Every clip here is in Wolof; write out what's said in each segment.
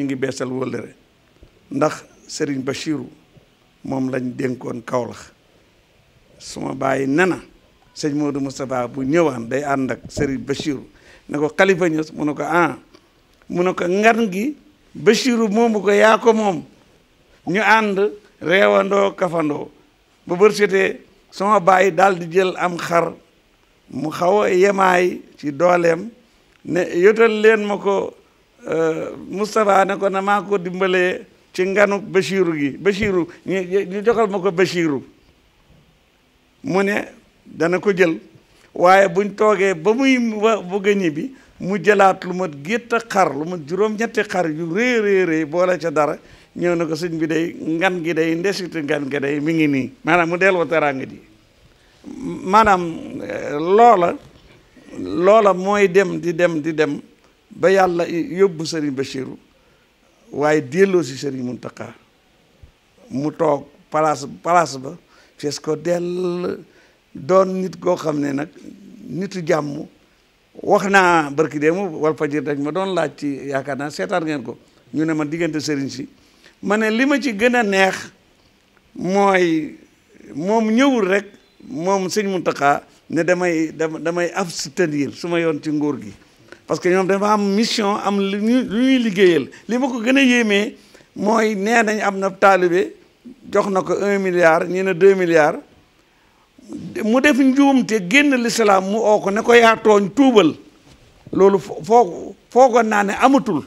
ñu ngi beesal wëllëre ndax Serigne Bachiru moom lañ dénkoon Kaolack suma bàyyi nena sëñ Modou Moustapha bu ñëwaan day ànd ak Serigne Bachiru ne ko Khalifa Niass mu ne ko ah mu ne ko ngan gi Bachiru moomu ko yaa ko moom ñu ànd reewandoo kafandoo ba bërsëtee sama bàyyi daal di jël am xar mu xaw a yemaay ci dooleem ne yotal leen ma ko Mustafa ne ko na mako ko ci nganu bashiru gi Bachiru ñu joxal ma ko dana ko jël waye buñ togué ba muy bu gëñi bi mu jëlat lu mat gëtt xar lu mat juroom ñetti xar yu rëy rëy bo la ca dara ñëw na ko bi day ngan gi day ndessit ngan gi day mi ngi ni manam mu delloo teraanga di manam eh, lola lola moy dem di dem di dem ba yàlla yóbbu sëriñ Bachiru waaye delloo si sëriñ Muntaqa mu toog palaas palaas ba fees ko dell doon nit koo xam ne nag nitu jàmm wax naa barki déemu wal fajir dañ ma doon laaj ci yaakaar naa seetaan ngeen ko ñu ne ma diggante sëriñ si ma ne li ma ci gën a neex mooy moom ñëwul rek moom sëñ Muntaqa ne damay damay abstenir su ma yoon ci nguur gi parce que ñom dafa am mission am lu ñuy liggéeyal li ma ko gën a yéemee mooy nee nañ am na taalibe jox na ko un milliard ñii na deux mu def njuumte génn lislaam mu oo ko ne ko yaa tooñ tuubal loolu foo foogoon naa ne amatul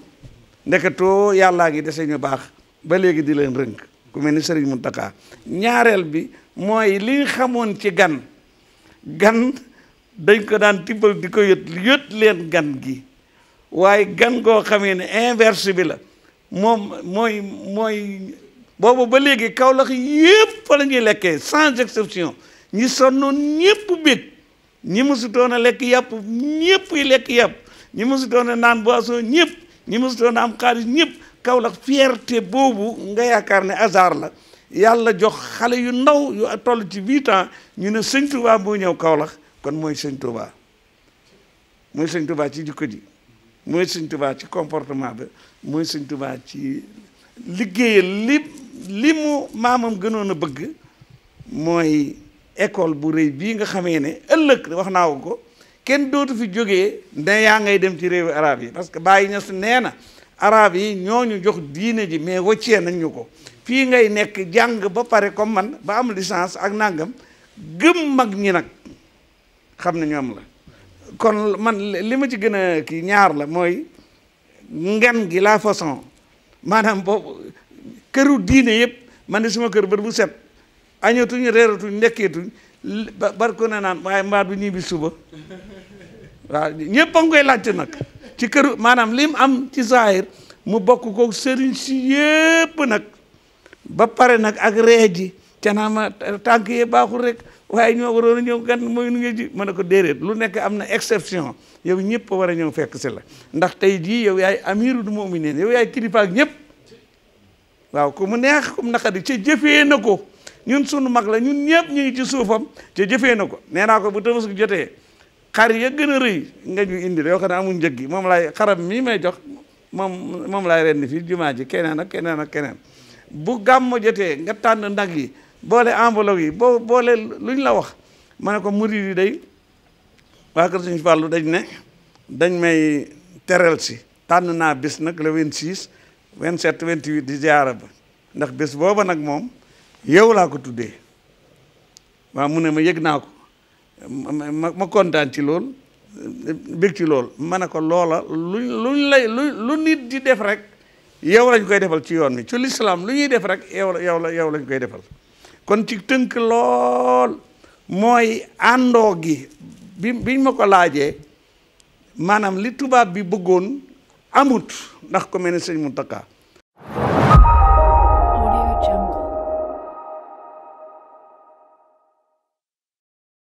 ndeketoo yàllaa ngi dese ñu baax ba léegi di leen rënk ku mel ni Sëriñ Mountakha ñaareel bi mooy li ñu xamoon ci gan gan dañ ko daan tibbal di ko yët yët leen gan gi waaye gan goo xamee ne inverse bi la moom mooy mooy boobu ba léegi Kaolack yëpp fa la lekkee sans exception ñi sonnoon ñëpp bég ñi mosu doon a lekk yàpp ñëpp yi lekk yàpp ñi mosu doon a naan boisson ñëpp ñi mosu doon a am xaalis ñëpp Kaolack fierté boobu nga yaakaar ne hasard la yàlla jox xale yu ndaw yu toll ci huit ans ñu ne sëñ Tuubaa boo ñëw Kaolack kon mooy sëñ Touba mooy sëñ Touba ci jikko ji mooy sëñ Touba ci comportement ba mooy sëñ Touba ci liggéeyal li mu maamam gënoon a bëgg mooy école bu rëy bii nga xamee ne ëllëg wax naa ko ko kenn dootu fi jógee ne yaa ngay dem ci réewu arab yi parce que bàyyi ña su nee na arab yi ñooñu jox diine ji mais wàccee nañ ñu ko fii ngay nekk jàng ba pare comme man ba am licence ak nangam gëm mag ñi nag xam ne ñoom la kon man li ma ci gën a kii ñaar la mooy ngan gi laa façon maanaam boobu këru diine yëpp man de suma kër bër bu set añatuñ reeratuñ ndekkeetuñ barko na naan waaye mbaat bu ñibbi suba waaw ñëpp a koy laajte nag ci këru maanaam lim am ci saahir mu bokk ko sëriñ si yëpp nag ba pare nag ak ree ji ca canaama tànk yee baaxul rek waaye ñoo waroon a ñëw gan mooy nu nga ji ma ne ko déedéet lu nekk am na exception yow ñëpp war a ñëw fekk si la ndax tey jii yow yaay amirul mu'minin yow yaay kilifaak ñëpp waaw ku mu neex ku mu naqari ca jëfee na ko ñun sunu mag la ñun ñëpp ñu ngi ci suufam ca jëfee na ko nee naa ko bu tabaski jotee xar ya gën a rëy nga ñu indi yoo xam ne amul njëg gi moom laay xaram mii may jox moom moom laay rendi fii jumaa ji keneen ak keneen ak keneen bu gàmm jotee nga tànn nag yi boole enveloppe yi boo boole lu ñu la wax ma ne ko murid yi day waa kër Sëñ Fallu dañ ne dañ may tereel si tànn naa bés nag la le 26 27 28 di ziara ba ndax bés booba nag moom yow laa ko tuddee waaw mun ne ma yëg naa ko ma ma kontaan ci lool bég ci lool ma ne ko loola luñ luñ lay lu lu nit di def rek yow lañ koy defal ci yoon mi ci lislaam lu ñuy def rek la yow la yow lañ koy defal kon ci tënk lool mooy àndoo gi bi biñ ma ko laajee maanaam li tubaab bi bëggoon amut ndax ko mel ne sëñ Mountakha